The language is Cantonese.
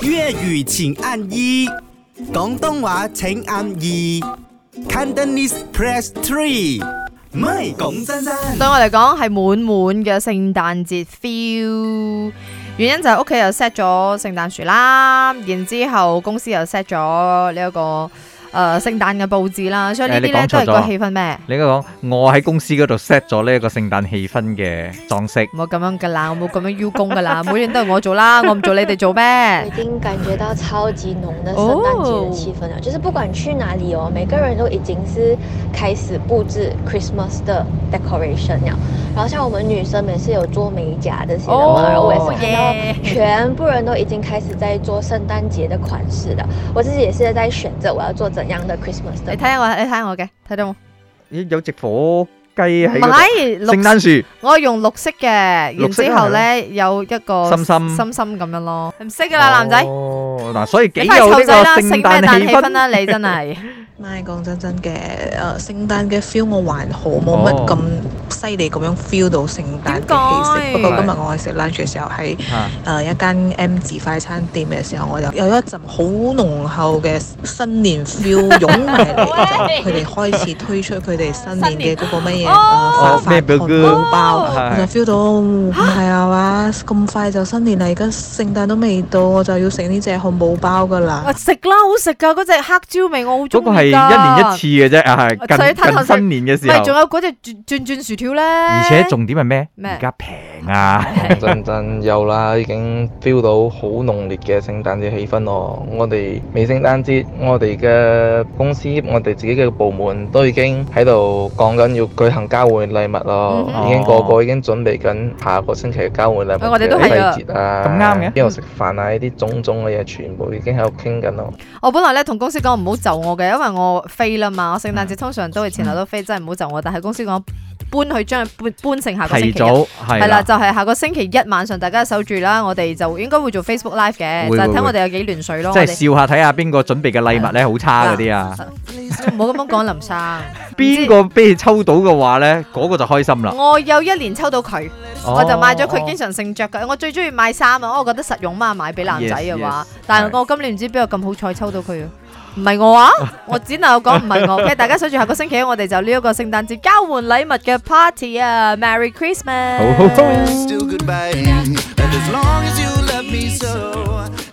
粵語請按一，廣東話請按二，Cantonese press three，唔係講真真，對 我嚟講係滿滿嘅聖誕節 feel，原因就係屋企又 set 咗聖誕樹啦，然之後公司又 set 咗呢一個。誒、呃、聖誕嘅佈置啦，所以呢啲咧都係個氣氛咩？你應該講我喺公司嗰度 set 咗呢一個聖誕氣氛嘅裝飾。冇咁樣嘅啦，冇咁樣邀功嘅啦， 每年都係我做啦，我唔做你哋做咩？已經 感覺到超級濃的聖誕節的氣氛啦，oh, 就是不管去哪裡哦，每個人都已經是開始佈置 Christmas 的 decoration 了。然後像我們女生每次有做美甲這些嘛，oh, yeah. 我也是，看到全部人都已經開始在做聖誕節的款式的。我自己也是在選擇我要做整。你睇下我，你睇下我嘅，睇到冇？咦，有隻火雞喺聖誕樹。我用綠色嘅，然之後咧有一個心心咁樣咯。唔識噶啦，男仔。嗱，所以幾有呢個聖誕氣氛啦，你真係。咪講真真嘅，誒，聖誕嘅 feel 我還好，冇乜咁。犀利咁樣 feel 到聖誕嘅氣息，不過今日我係食 lunch 嘅時候喺一間 M 字快餐店嘅時候，我就有一陣好濃厚嘅新年 feel 湧埋嚟，佢哋 開始推出佢哋新年嘅嗰個乜嘢誒包，我就 feel 到唔係啊嘛，咁 快就新年嚟？而家聖誕都未到，我就要食呢隻漢堡包㗎啦。食啦、啊，好食㗎，嗰隻黑椒味我好中意㗎。嗰個係一年一次嘅啫，係近近新年嘅時候。仲有隻轉，轉轉，轉而且重點係咩？而家平啊，陣陣有啦，已經 feel 到好濃烈嘅聖誕節氣氛咯。我哋未聖誕節，我哋嘅公司，我哋自己嘅部門都已經喺度講緊要舉行交換禮物咯。嗯嗯已經個個已經準備緊下個星期嘅交換禮物嘅細節啊！咁啱嘅，邊度食飯啊？呢啲、嗯、種種嘅嘢，全部已經喺度傾緊咯。我本來咧同公司講唔好就我嘅，因為我飛啦嘛，我聖誕節通常都係前後都飛，真係唔好就我。但係公司講。搬去將佢搬搬成下個星期，係啦，就係、是、下個星期一晚上，大家守住啦。我哋就應該會做 Facebook Live 嘅的，就睇我哋有幾亂水咯。即係笑下睇下邊個準備嘅禮物咧，好的差嗰啲啊！唔好咁樣講林生，邊個俾你抽到嘅話咧，嗰、嗰個就開心啦。我有一年抽到佢，哦、我就買咗佢經常性着嘅。哦、我最中意買衫啊，我覺得實用嘛，買俾男仔嘅話。Yes, yes, 但係我今年唔知邊個咁好彩抽到佢啊，唔係我啊， 我只能夠講唔係我。 OK，大家想住下個星期我哋就呢一個聖誕節交換禮物嘅 party 啊，Merry Christmas！好好